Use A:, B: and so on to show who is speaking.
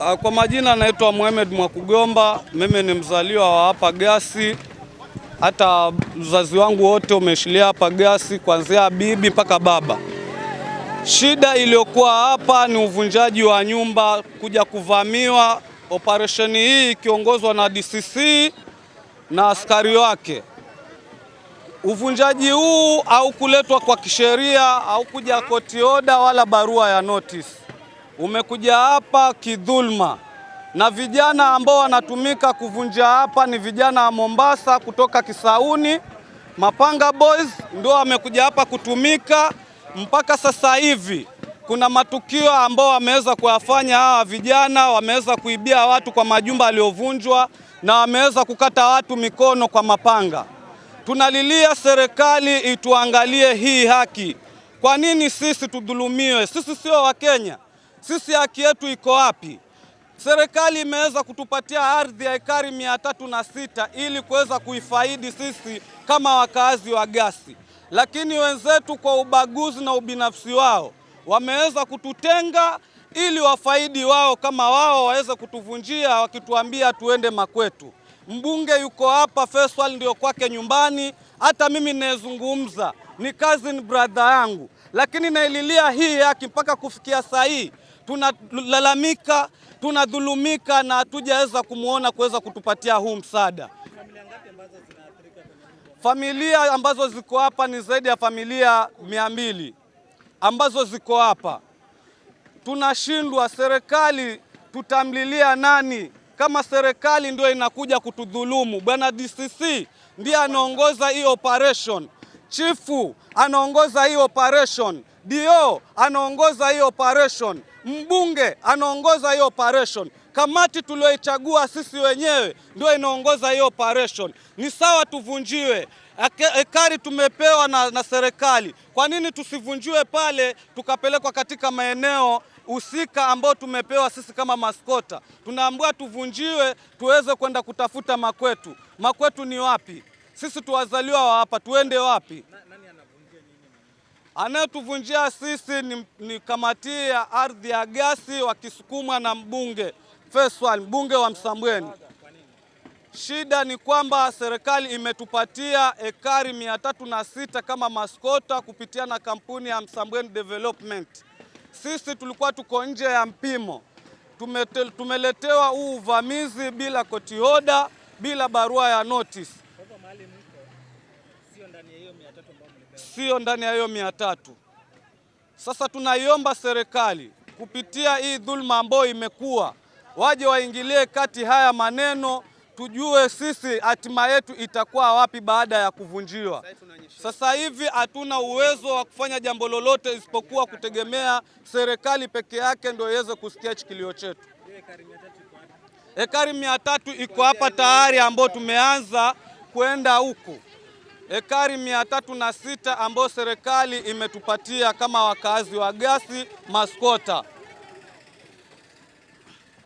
A: Ah, kwa majina naitwa Mohamed Mwakugomba, mimi ni mzaliwa wa hapa Gasi. Hata mzazi wangu wote umeshilia hapa Gasi, kuanzia bibi mpaka baba. Shida iliyokuwa hapa ni uvunjaji wa nyumba, kuja kuvamiwa. Operesheni hii ikiongozwa na DCC na askari wake. Uvunjaji huu au kuletwa kwa kisheria, kuja koti oda wala barua ya notice umekuja hapa kidhulma, na vijana ambao wanatumika kuvunja hapa ni vijana wa Mombasa kutoka Kisauni, Mapanga Boys ndio wamekuja hapa kutumika mpaka sasa hivi. Kuna matukio ambao wameweza kuyafanya hawa vijana, wameweza kuibia watu kwa majumba yaliyovunjwa na wameweza kukata watu mikono kwa mapanga. Tunalilia serikali ituangalie hii haki. Kwa nini sisi tudhulumiwe? Sisi sio Wakenya. Sisi haki yetu iko wapi? Serikali imeweza kutupatia ardhi ya ekari mia tatu na sita ili kuweza kuifaidi sisi kama wakaazi wa Gasi, lakini wenzetu kwa ubaguzi na ubinafsi wao wameweza kututenga ili wafaidi wao kama wao waweze kutuvunjia wakituambia tuende makwetu. Mbunge yuko hapa Faisal, ndio kwake nyumbani. Hata mimi ninayezungumza ni cousin brother yangu, lakini naililia hii haki mpaka kufikia saa hii tunalalamika, tunadhulumika na hatujaweza kumwona kuweza kutupatia huu msaada. Familia ambazo ziko hapa ni zaidi ya familia mia mbili ambazo ziko hapa. Tunashindwa, serikali tutamlilia nani kama serikali ndio inakuja kutudhulumu? Bwana DCC ndiye anaongoza hii operation, chifu anaongoza hii operation. DO anaongoza hiyo operation, mbunge anaongoza hiyo operation, kamati tulioichagua sisi wenyewe ndio inaongoza hiyo operation. Ni sawa tuvunjiwe ekari tumepewa na, na serikali. Kwa nini tusivunjiwe pale tukapelekwa katika maeneo husika ambao tumepewa sisi kama maskota? Tunaambiwa tuvunjiwe tuweze kwenda kutafuta makwetu. Makwetu ni wapi? Sisi tuwazaliwa wa hapa, tuende wapi? Nani Anayetuvunjia sisi ni, ni kamati ya ardhi ya Gasi wakisukumwa na mbunge Faisal, mbunge wa Msambweni. Shida ni kwamba serikali imetupatia ekari mia tatu na sita kama maskota kupitia na kampuni ya Msambweni Development. Sisi tulikuwa tuko nje ya mpimo, tumeletewa huu uvamizi bila kotioda, bila barua ya notice sio ndani ya hiyo mia tatu. Sasa tunaiomba serikali kupitia hii dhulma ambayo imekuwa, waje waingilie kati haya maneno, tujue sisi hatima yetu itakuwa wapi baada ya kuvunjiwa. Sasa hivi hatuna uwezo wa kufanya jambo lolote isipokuwa kutegemea serikali peke yake ndio iweze kusikia kilio chetu. Ekari mia tatu iko hapa tayari, ambayo tumeanza kwenda huku ekari mia tatu na sita ambayo serikali imetupatia kama wakazi wa Gasi Maskota.